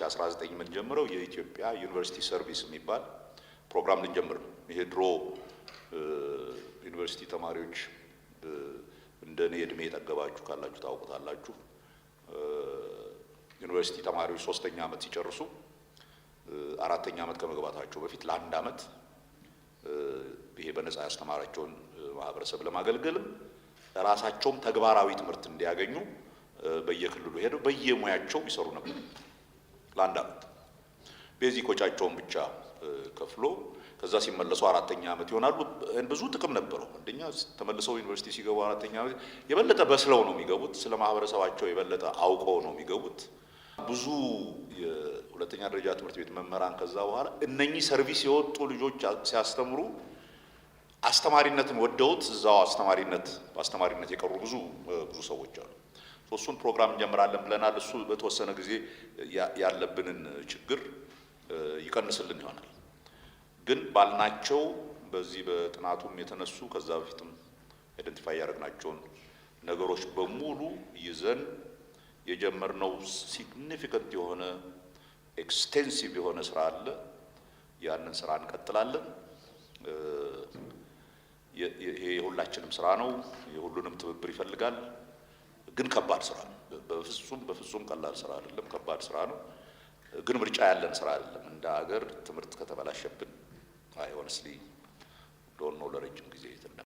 ከ2019 የምንጀምረው የኢትዮጵያ ዩኒቨርሲቲ ሰርቪስ የሚባል ፕሮግራም ልንጀምር ነው። ይሄ ድሮ ዩኒቨርሲቲ ተማሪዎች እንደ እኔ እድሜ የጠገባችሁ ካላችሁ ታውቁታላችሁ። ዩኒቨርሲቲ ተማሪዎች ሶስተኛ ዓመት ሲጨርሱ አራተኛ ዓመት ከመግባታቸው በፊት ለአንድ ዓመት ይሄ በነፃ ያስተማራቸውን ማህበረሰብ ለማገልገልም ራሳቸውም ተግባራዊ ትምህርት እንዲያገኙ በየክልሉ ሄደው በየሙያቸው ይሰሩ ነበር። ለአንድ አመት ቤዚክ ወጪያቸውን ብቻ ከፍሎ ከዛ ሲመለሱ አራተኛ አመት ይሆናሉ። ብዙ ጥቅም ነበረው። አንደኛ ተመልሰው ዩኒቨርሲቲ ሲገቡ አራተኛ አመት የበለጠ በስለው ነው የሚገቡት። ስለ ማህበረሰባቸው የበለጠ አውቀው ነው የሚገቡት። ብዙ የሁለተኛ ደረጃ ትምህርት ቤት መምህራን ከዛ በኋላ እነኚህ ሰርቪስ የወጡ ልጆች ሲያስተምሩ አስተማሪነትን ወደውት እዛው አስተማሪነት በአስተማሪነት የቀሩ ብዙ ብዙ ሰዎች አሉ። እሱን ፕሮግራም እንጀምራለን ብለናል። እሱ በተወሰነ ጊዜ ያለብንን ችግር ይቀንስልን ይሆናል። ግን ባልናቸው በዚህ በጥናቱም የተነሱ ከዛ በፊትም አይደንቲፋይ ያደረግናቸውን ነገሮች በሙሉ ይዘን የጀመርነው ሲግኒፊካንት የሆነ ኤክስቴንሲቭ የሆነ ስራ አለ። ያንን ስራ እንቀጥላለን። ይሄ የሁላችንም ስራ ነው። የሁሉንም ትብብር ይፈልጋል። ግን ከባድ ስራ በፍጹም በፍጹም ቀላል ስራ አይደለም። ከባድ ስራ ነው፣ ግን ምርጫ ያለን ስራ አይደለም። እንደ ሀገር ትምህርት ከተበላሸብን አይ ሆነስሊ ዶን ነው ለረጅም ጊዜ